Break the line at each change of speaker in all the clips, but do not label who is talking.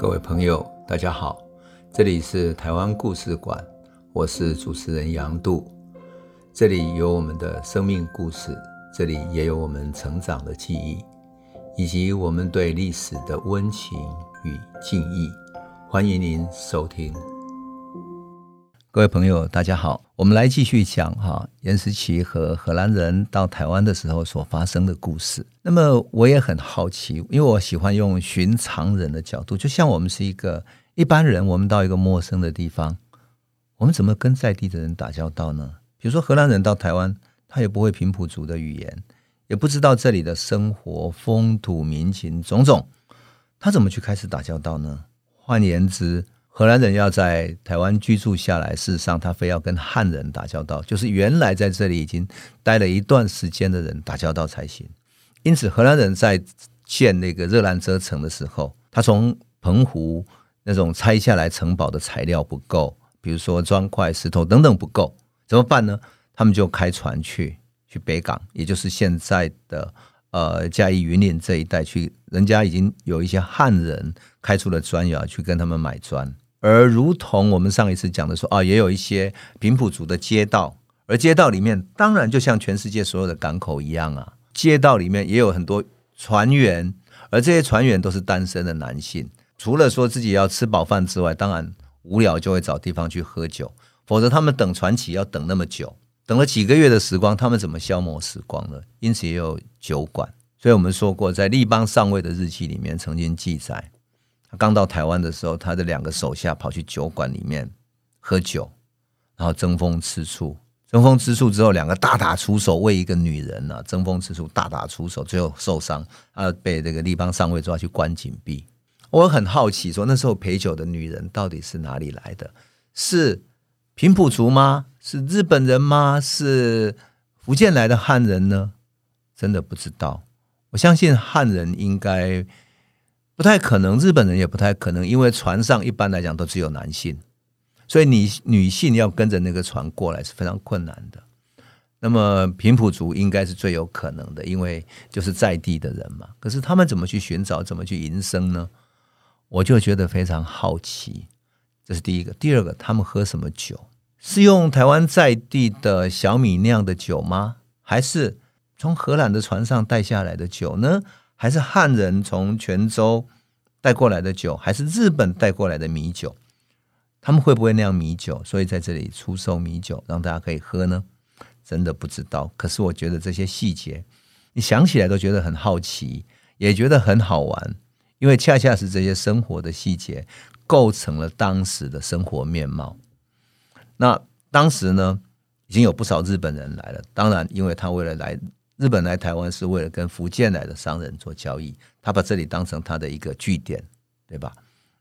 各位朋友，大家好，這裡是台灣故事館，我是主持人楊度，這裡有我們的生命故事，這裡也有我們成長的記憶，以及我們對歷史的溫情與敬意，歡迎您收聽。各位朋友，大家好，我們來繼續講哈，顏思齊和荷蘭人到台灣的時候所發生的故事。那麼我也很好奇，因為我喜歡用尋常人的角度，就像我們是一個一般人，我們到一個陌生的地方，我們怎麼跟在地的人打交道呢？比如說荷蘭人到台灣，他也不會平埔族的語言，也不知道這裡的生活、風土民情種種，他怎麼去開始打交道呢？換言之。荷蘭人要在台灣居住下來，事實上他非要跟漢人打交道，就是原來在這裡已經待了一段時間的人打交道才行。因此，荷蘭人在建那個熱蘭遮城的時候，他從澎湖那種拆下來城堡的材料不夠，比如說磚塊、石頭等等不夠，怎麼辦呢？他們就開船去去北港，也就是現在的呃嘉義、雲林這一帶去，人家已經有一些漢人開出了磚窯去跟他們買磚。而如同我們上一次講的說啊，也有一些平埔族的街道，而街道裡面當然就像全世界所有的港口一樣啊，街道裡面也有很多船員，而這些船員都是單身的男性，除了說自己要吃飽飯之外，當然無聊就會找地方去喝酒，否則他們等船期要等那麼久，等了幾個月的時光，他們怎麼消磨時光呢？因此也有酒館，所以我們說過，在利邦上尉的日記裡面曾經記載。他剛到台灣的時候，他的兩個手下跑去酒館裡面喝酒，然後爭風吃醋，爭風吃醋之後，兩個大打出手，為一個女人啊爭風吃醋，大打出手，最後受傷啊，被這個地方上尉抓去關緊閉。我很好奇說，說那時候陪酒的女人到底是哪裡來的？是平埔族嗎？是日本人嗎？是福建來的漢人呢？真的不知道。我相信漢人應該。不太可能，日本人也不太可能，因為船上一般來講都只有男性，所以女女性要跟着那個船過來是非常困難的。那麼平埔族應該是最有可能的，因為就是在地的人嘛。可是他們怎麼去尋找，怎麼去營生呢？我就覺得非常好奇。這是第一個。第二個，他們喝什麼酒？是用台灣在地的小米釀的酒嗎？還是從荷蘭的船上帶下來的酒呢？還是漢人從泉州帶過來的酒，還是日本帶過來的米酒？他們會不會釀米酒？所以在這裡出售米酒，讓大家可以喝呢？真的不知道。可是我覺得這些細節，你想起來都覺得很好奇，也覺得很好玩，因為恰恰是這些生活的細節，構成了當時的生活面貌。那當時呢，已經有不少日本人來了。當然，因為他為了來。日本來台灣是為了跟福建來的商人做交易，他把這裡當成他的一個據點，對吧？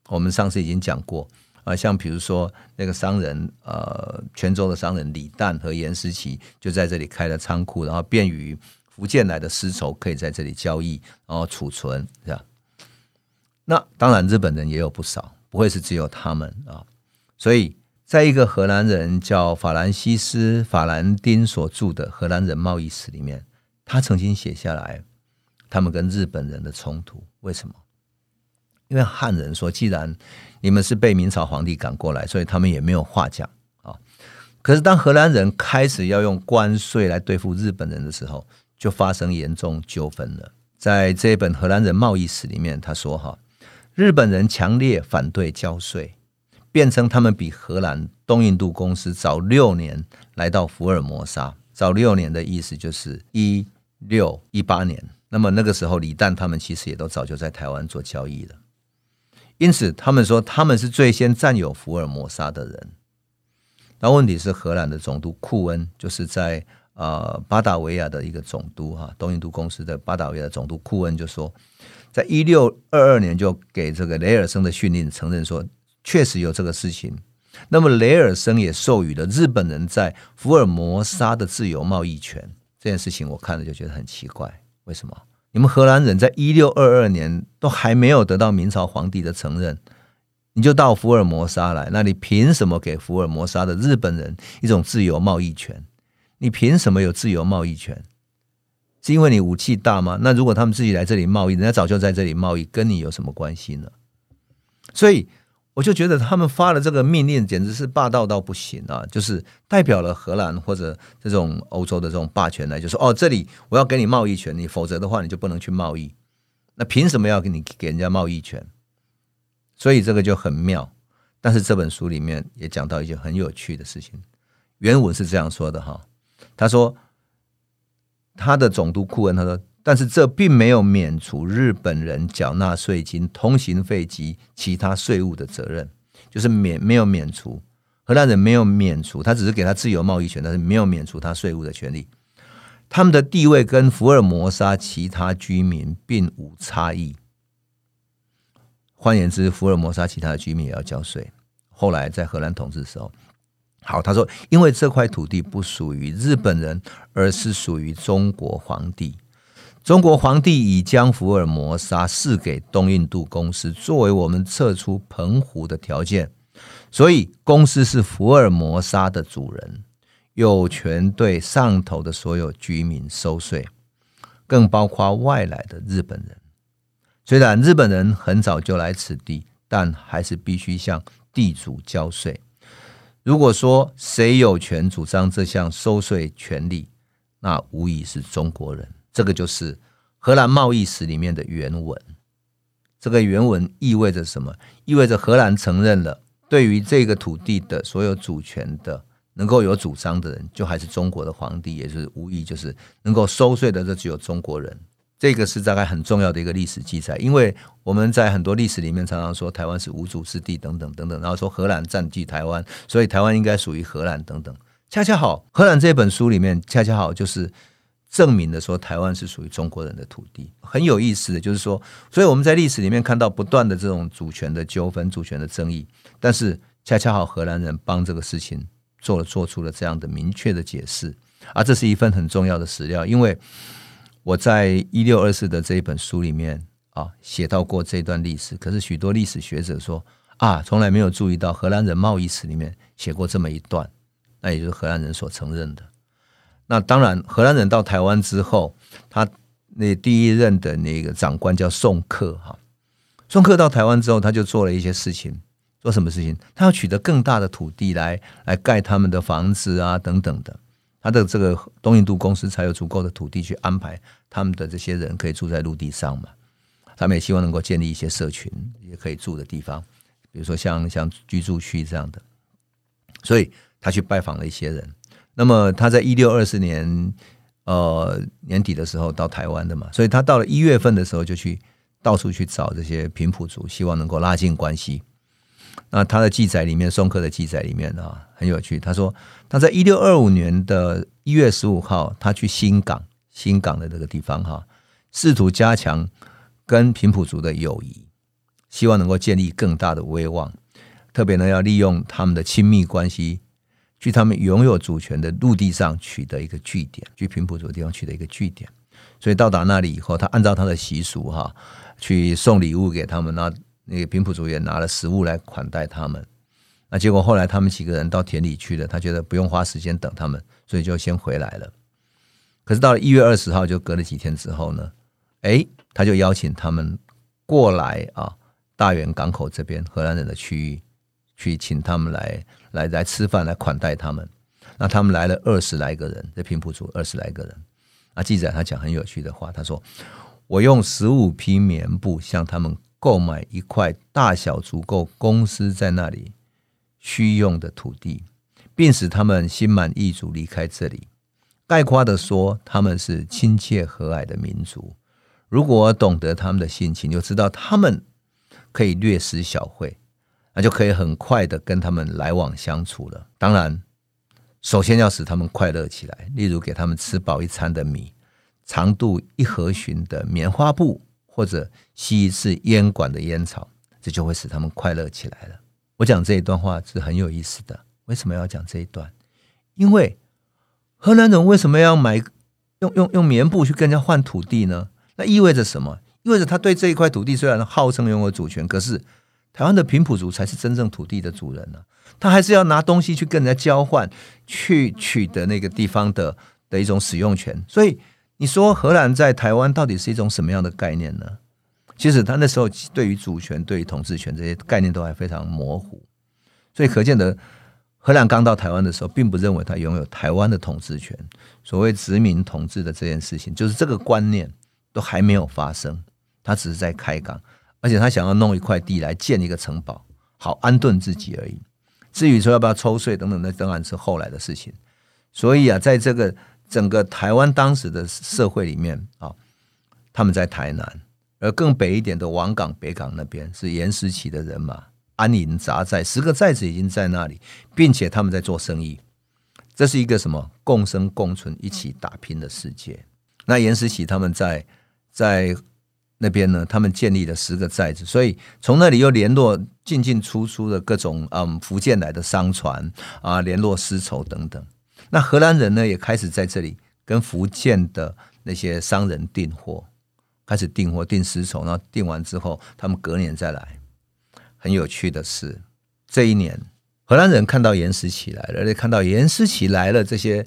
我們上次已經講過啊，像比如說那個商人，呃，泉州的商人李旦和顏思齊就在這裡開了倉庫，然後便於福建來的絲綢可以在這裡交易，然後儲存，對吧？那當然日本人也有不少，不會是只有他們啊。所以，在一個荷蘭人叫法蘭西斯·法蘭丁所著的荷蘭人貿易史裡面。他曾經寫下來，他們跟日本人的衝突，為什麼？因為漢人說，既然你們是被明朝皇帝趕過來，所以他們也沒有話講。可是當荷蘭人開始要用關稅來對付日本人的時候，就發生嚴重糾紛了。在這本荷蘭人貿易史裡面，他說：“哈，日本人強烈反對交稅，變成他們比荷蘭東印度公司早六年來到福爾摩沙，早六年的意思就是一。”六一八年，那麼那個時候，李旦他們其實也都早就在台灣做交易了，因此他們說他們是最先占有福爾摩沙的人。那問題是，荷蘭的總督庫恩就是在呃巴達維亞的一個總督哈，東印度公司的巴達維亞總督庫恩就說，在一六二二年就給這個雷爾森的訓令，承認說確實有這個事情。那麼雷爾森也授予了日本人在福爾摩沙的自由貿易權。這件事情我看了就覺得很奇怪，為什麼你們荷蘭人在一六二二年都還沒有得到明朝皇帝的承認，你就到福爾摩沙來？那你憑什麼給福爾摩沙的日本人一種自由貿易權？你憑什麼有自由貿易權？是因為你武器大嗎？那如果他們自己來這裡貿易，人家早就在這裡貿易，跟你有什麼關係呢？所以。我就覺得他們發的這個命令簡直是霸道到不行啊！就是代表了荷蘭或者這種歐洲的這種霸權呢、就是，就說哦，這裡我要給你貿易權，你否則的話你就不能去貿易。那憑什麼要給你給人家貿易權？所以這個就很妙。但是這本書裡面也講到一些很有趣的事情。原文是這樣說的哈，他說他的總督庫恩他說。但是這並沒有免除日本人繳納稅金、通行費及其他稅務的責任，就是免沒有免除荷蘭人沒有免除，他只是給他自由貿易權，但是沒有免除他稅務的權利。他們的地位跟福爾摩沙其他居民並無差異。換言之，福爾摩沙其他的居民也要交稅。後來在荷蘭統治的時候，好，他說因為這塊土地不屬於日本人，而是屬於中國皇帝。中國皇帝已將福爾摩沙賜給東印度公司，作為我們撤出澎湖的條件。所以，公司是福爾摩沙的主人，有權對上頭的所有居民收稅，更包括外來的日本人。雖然日本人很早就來此地，但還是必須向地主交稅。如果說誰有權主張這項收稅權利，那無疑是中國人。這個就是荷蘭貿易史裡面的原文。這個原文意味着什麼？意味着荷蘭承認了對於這個土地的所有主權的能夠有主張的人，就還是中國的皇帝，也就是無疑就是能夠收稅的，這只有中國人。這個是大概很重要的一個歷史記載，因為我們在很多歷史裡面常常說台灣是無主之地等等等等，然後說荷蘭佔據台灣，所以台灣應該屬於荷蘭等等。恰恰好，荷蘭這本書裡面恰恰好就是。證明的說，台灣是屬於中國人的土地。很有意思的就是說，所以我們在歷史裡面看到不斷的這種主權的糾紛、主權的爭議，但是恰恰好荷蘭人幫這個事情做了，做出了這樣的明確的解釋，啊，這是一份很重要的史料。因為我在一六二四的這一本書裡面啊，寫到過這段歷史。可是許多歷史學者說啊，從來沒有注意到荷蘭人貿易史裡面寫過這麼一段，那也就是荷蘭人所承認的。那當然，荷蘭人到台灣之後，他那第一任的那個長官叫宋克哈。宋克到台灣之後，他就做了一些事情。做什麼事情？他要取得更大的土地來來蓋他們的房子啊，等等的。他的這個東印度公司才有足夠的土地去安排他們的這些人可以住在陸地上嘛。他們也希望能夠建立一些社群，也可以住的地方，比如說像像居住區這樣的。所以他去拜訪了一些人。那麼他在一六二四年，呃，年底的時候到台灣的嘛，所以他到了一月份的時候就去到處去找這些平埔族，希望能夠拉近關係。那他的記載裡面，宋克的記載裡面啊，很有趣。他說他在一六二五年的一月十五號，他去新港，新港的這個地方哈，試圖加強跟平埔族的友誼，希望能夠建立更大的威望，特別呢，要利用他們的親密關係。去他們擁有主權的陸地上取得一個據點，去平埔族地方取得一個據點，所以到達那裡以後，他按照他的習俗哈，去送禮物給他們，那那個平埔族也拿了食物來款待他們，那結果後來他們幾個人到田裡去了，他覺得不用花時間等他們，所以就先回來了。可是到了一月二十號，就隔了幾天之後呢，誒，他就邀請他們過來啊，大員港口這邊荷蘭人的區域，去請他們來。來來吃飯，來款待他們。那他們來了二十來個人，這平埔族二十來個人。啊，記載他講很有趣的話，他說：“我用十五匹棉布向他們購買一塊大小足夠公司在那裡需用的土地，並使他們心滿意足離開這裡。概括地說，他們是親切和藹的民族。如果我懂得他們的性情，就知道他們可以略施小惠。”那就可以很快的跟他們來往相處了。當然，首先要使他們快樂起來，例如給他們吃飽一餐的米，長度一荷噚的棉花布，或者吸一次煙管的煙草，這就會使他們快樂起來了。我講這一段話是很有意思的。為什麼要講這一段？因為荷蘭人為什麼要買用用用棉布去跟人家換土地呢？那意味着什麼？意味着他對這一塊土地雖然號稱擁有主權，可是。台灣的平埔族才是真正土地的主人呢、啊，他還是要拿東西去跟人家交換，去取得那個地方的的一種使用權。所以你說荷蘭在台灣到底是一種什麼樣的概念呢？其實他那時候對於主權、對於統治權這些概念都還非常模糊，所以可見得荷蘭剛到台灣的時候，並不認為他擁有台灣的統治權。所謂殖民統治的這件事情，就是這個觀念都還沒有發生，他只是在開港。而且他想要弄一塊地來建一個城堡，好安頓自己而已。至於說要不要抽稅等等，那當然是後來的事情。所以啊，在這個整個台灣當時的社會裡面啊、哦，他們在台南，而更北一點的魍港、北港那邊是顏思齊的人馬，安營扎寨，十個寨子已經在那裡，並且他們在做生意。這是一個什麼共生共存一起打拼的世界。那顏思齊他們在在。那邊呢，他們建立了十個寨子，所以從那裡又聯絡進進出出的各種嗯福建來的商船啊，聯絡絲綢等等。那荷蘭人呢，也開始在這裡跟福建的那些商人訂貨，開始訂貨訂絲綢，然後訂完之後，他們隔年再來。很有趣的是，這一年荷蘭人看到顏思齊起來了，看到顏思齊起來了，這些。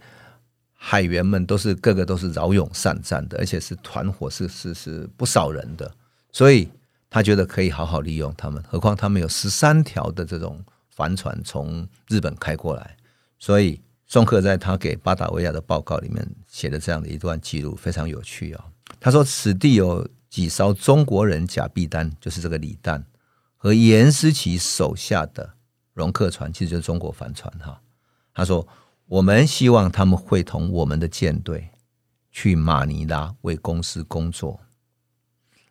海員們都是個個都是驍勇善戰的，而且是團夥，是是是不少人的，所以他覺得可以好好利用他們。何況他們有十三條的這種帆船從日本開過來，所以宋克在他給巴達維亞的報告裡面寫的這樣的一段記錄非常有趣啊、哦。他說：“此地有幾艘中國人甲必丹，就是這個李旦和顏思齊手下的戎克船，其實就是中國帆船。”哈，他說。我們希望他們會同我們的艦隊去馬尼拉為公司工作。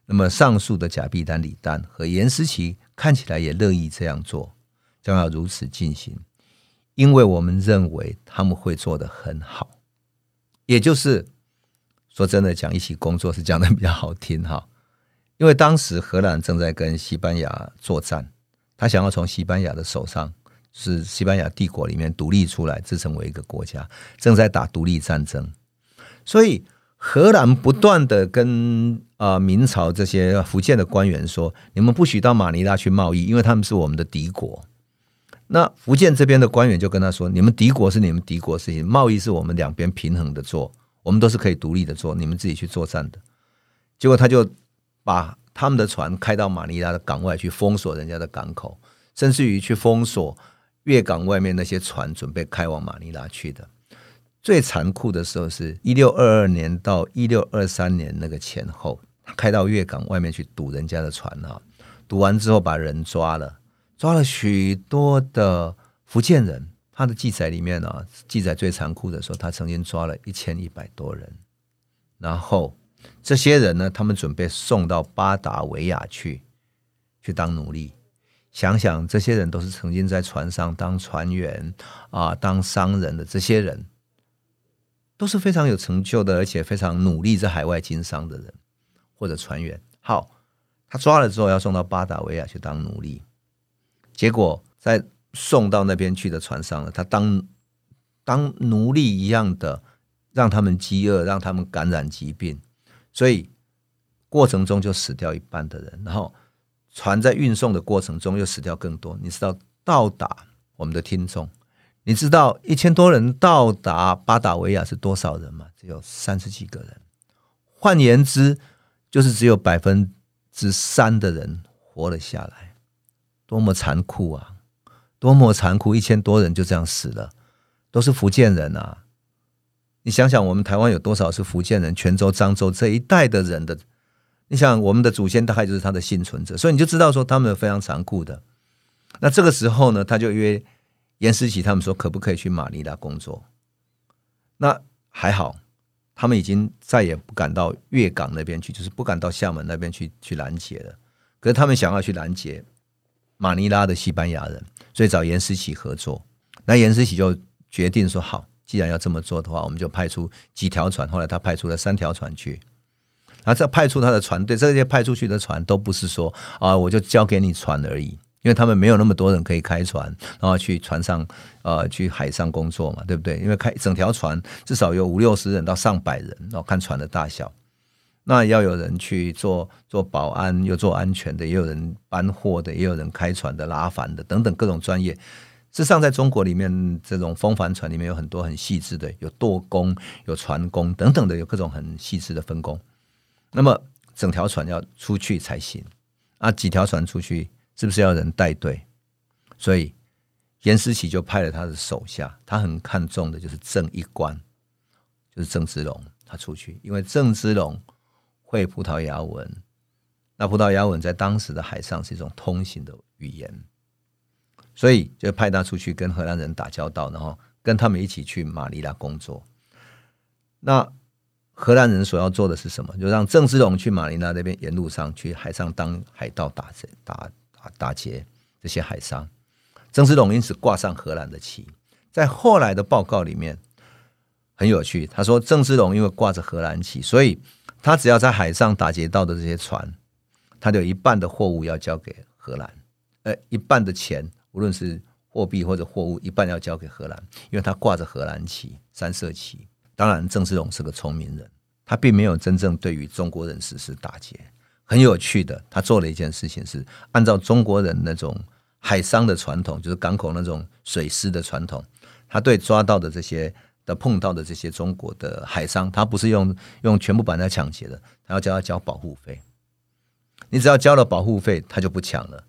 那麼，上述的甲必丹、李旦和顏思齊看起來也樂意這樣做，將要如此進行，因為我們認為他們會做得很好。也就是說，真的講一起工作是講得比較好聽哈，因為當時荷蘭正在跟西班牙作戰，他想要從西班牙的手上。是西班牙帝國裡面獨立出來，自成為一個國家，正在打獨立戰爭，所以荷蘭不斷的跟啊、呃、明朝這些福建的官員說：“你們不許到馬尼拉去貿易，因為他們是我們的敵國。”那福建這邊的官員就跟他說：“你們敵國是你們敵國事情，貿易是我們兩邊平衡的做，我們都是可以獨立的做，你們自己去作戰的。”結果他就把他們的船開到馬尼拉的港外去封鎖人家的港口，甚至於去封鎖，月港外面那些船準備開往馬尼拉去的。最殘酷的時候是一六二二年到一六二三年那個前後，開到月港外面去堵人家的船啊，堵完之後把人抓了，抓了許多的福建人。他的記載裡面啊，記載最殘酷的時候，他曾經抓了一千一百多人，然後這些人呢，他們準備送到巴達維亞去，去當奴隸。想想這些人都是曾經在船上當船員啊、呃，當商人的這些人，都是非常有成就的，而且非常努力在海外經商的人或者船員。好，他抓了之後要送到巴達維亞去當奴隸，結果在送到那邊去的船上他當當奴隸一樣的，讓他們飢餓，讓他們感染疾病，所以過程中就死掉一半的人，然後。船在運送的過程中又死掉更多。你知道到達，我們的聽眾，你知道一千多人到達巴達維亞是多少人嗎？只有三十幾個人。換言之，就是只有百分之三的人活了下來。多麼殘酷啊！多麼殘酷！一千多人就這樣死了，都是福建人啊！你想想，我們台灣有多少是福建人？泉州、漳州這一帶的人的。你想我們的祖先大概就是他的倖存者，所以你就知道說他們非常殘酷的。那這個時候呢，他就約顏思齊他們說，可不可以去馬尼拉工作？那還好，他們已經再也不敢到月港那邊去，就是不敢到廈門那邊去去攔截了。可是他們想要去攔截馬尼拉的西班牙人，所以找顏思齊合作。那顏思齊就決定說，好，既然要這麼做的話，我們就派出幾條船。後來他派出了三條船去。然後再派出他的船隊，這些派出去的船都不是說啊、呃，我就交給你船而已，因為他們沒有那麼多人可以開船，然後去船上呃去海上工作嘛，對不對？因為開整條船至少有五六十人到上百人，哦、然後看船的大小，那要有人去做做保安，又做安全的，也有人搬貨的，也有人開船的、拉帆的等等各種專業。事實上，在中國裡面，這種風帆船裡面有很多很細緻的，有舵工、有船工等等的，有各種很細緻的分工。那麼整條船要出去才行啊，幾條船出去是不是要人帶隊？所以顏思齊就派了他的手下，他很看重的就是鄭一官，就是鄭芝龍，他出去，因為鄭芝龍會葡萄牙文，那葡萄牙文在當時的海上是一種通行的語言，所以就派他出去跟荷蘭人打交道，然後跟他們一起去馬尼拉工作。那。荷蘭人所要做的是什麼？就讓鄭芝龍去馬尼拉那邊，沿路上去海上當海盜打劫打打打劫這些海商，鄭芝龍因此掛上荷蘭的旗。在後來的報告裡面很有趣，他說鄭芝龍因為掛着荷蘭旗，所以他只要在海上打劫到的這些船，他就有一半的貨物要交給荷蘭，呃，一半的錢，無論是貨幣或者貨物，一半要交給荷蘭，因為他掛着荷蘭旗，三色旗。當然，鄭芝龍是個聰明人，他並沒有真正對於中國人實施打劫。很有趣的，他做了一件事情是按照中國人那種海商的傳統，就是港口那種水師的傳統。他對抓到的這些、碰到的這些中國的海商，他不是用用全部把他搶劫的，他要叫他交保護費。你只要交了保護費，他就不搶了。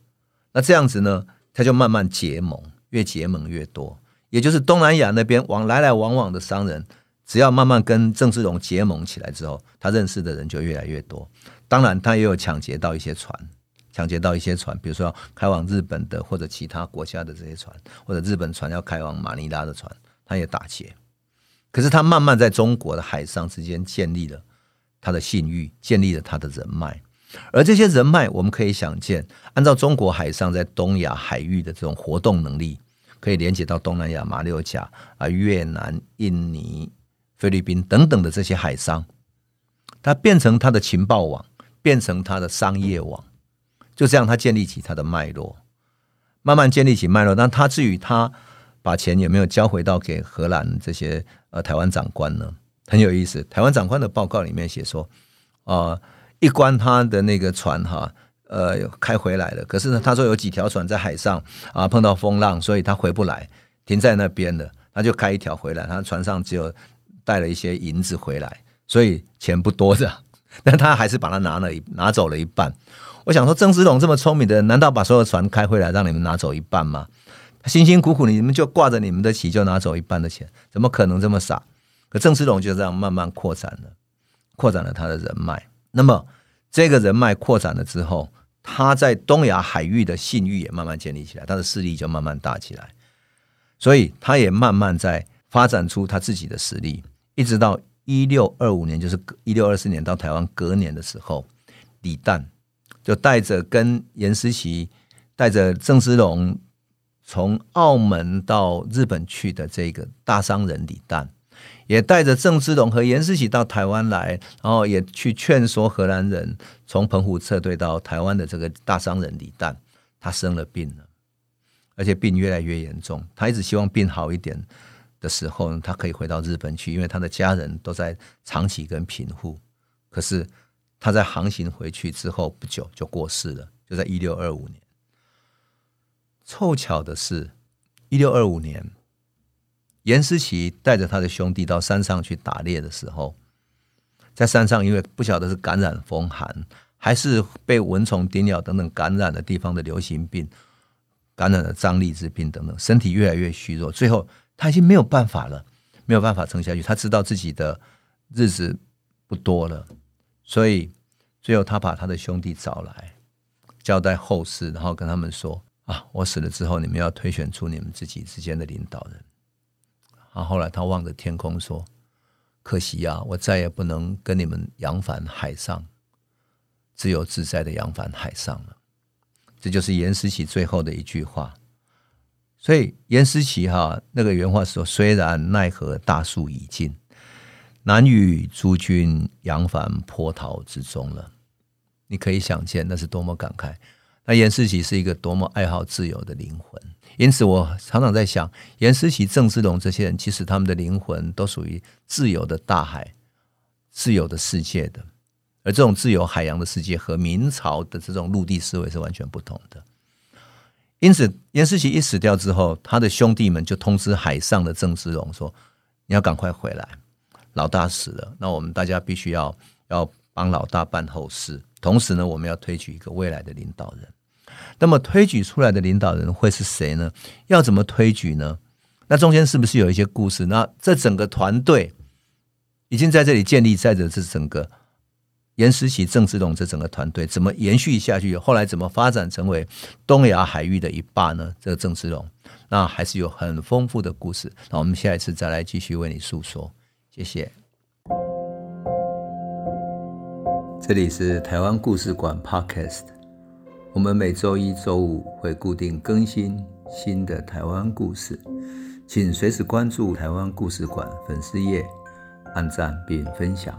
那這樣子呢，他就慢慢結盟，越結盟越多，也就是東南亞那邊往來來往往的商人。只要慢慢跟鄭芝龍結盟起來之後，他認識的人就越來越多。當然，他也有搶劫到一些船，搶劫到一些船，比如說要開往日本的或者其他國家的這些船，或者日本船要開往馬尼拉的船，他也打劫。可是他慢慢在中國的海上之間建立了他的信譽，建立了他的人脈。而這些人脈，我們可以想見，按照中國海上在東亞海域的這種活動能力，可以連接到東南亞、馬六甲啊、越南、印尼。菲律賓等等的這些海商，他變成他的情報網，變成他的商業網，就這樣他建立起他的脈絡，慢慢建立起脈絡。那他至於他把錢有沒有交回到給荷蘭這些呃台灣長官呢？很有意思。台灣長官的報告裡面寫說，啊、呃，一關他的那個船哈，呃，開回來了。可是呢，他說有幾條船在海上啊、呃，碰到風浪，所以他回不來，停在那邊的。他就開一條回來，他船上只有。帶了一些銀子回來，所以錢不多的，但他還是把它拿了，拿走了一半。我想說，鄭芝龍這麼聰明的人，難道把所有船開回來讓你們拿走一半嗎？辛辛苦苦，你們就掛着你們的旗就拿走一半的錢，怎麼可能這麼傻？可鄭芝龍就這樣慢慢擴展了，擴展了他的人脈。那麼這個人脈擴展了之後，他在東亞海域的信譽也慢慢建立起來，他的勢力就慢慢大起來，所以他也慢慢在發展出他自己的實力。一直到一六二五年，就是一六二四年到台灣隔年的時候，李旦就帶着跟顏思齊帶着鄭芝龍從澳門到日本去的這個大商人李旦，也帶着鄭芝龍和顏思齊到台灣來，然後也去勸說荷蘭人從澎湖撤退到台灣的這個大商人李旦，他生了病了，而且病越來越嚴重，他一直希望病好一點的時候他可以回到日本去，因為他的家人都在長崎跟平戶。可是他在航行回去之後不久就過世了，就在一六二五年。湊巧的是，一六二五年，顏思齊帶着他的兄弟到山上去打獵的時候，在山上因為不曉得是感染風寒，還是被蚊蟲叮咬等等感染的地方的流行病，感染了瘴癘之病等等，身體越來越虛弱，最後。他已經沒有辦法了，沒有辦法撐下去。他知道自己的日子不多了，所以最後他把他的兄弟找來，交代後事，然後跟他們說：“啊，我死了之後，你們要推選出你們自己之間的領導人。啊”然後來，他望着天空說：“可惜呀、啊，我再也不能跟你們揚帆海上，自由自在的揚帆海上了。”這就是顏思齊最後的一句話。所以顏思齊哈，那個原話說：“雖然奈何大樹已盡，難與諸君揚帆破濤之中了。”你可以想見那是多麼感慨。那顏思齊是一個多麼愛好自由的靈魂。因此，我常常在想，顏思齊、鄭芝龍這些人，其實他們的靈魂都屬於自由的大海、自由的世界的。而這種自由海洋的世界和明朝的這種陸地思維是完全不同的。因此，顏思齊一死掉之後，他的兄弟們就通知海上的鄭芝龍說：“你要趕快回來，老大死了，那我們大家必須要要幫老大辦後事。同時呢，我們要推舉一個未來的領導人。那麼推舉出來的領導人會是誰呢？要怎麼推舉呢？那中間是不是有一些故事？那這整個團隊已經在這裡建立，在這整個。”顏思齊鄭芝龍這整個團隊怎麼延續下去？後來怎麼發展成為東亞海域的一霸呢？這個鄭芝龍，那還是有很豐富的故事。那我們下一次再來繼續為你訴說。謝謝。這裡是台灣故事館 Podcast，我們每周一、周五會固定更新新的台灣故事，請隨時關注台灣故事館粉絲頁，按讚並分享。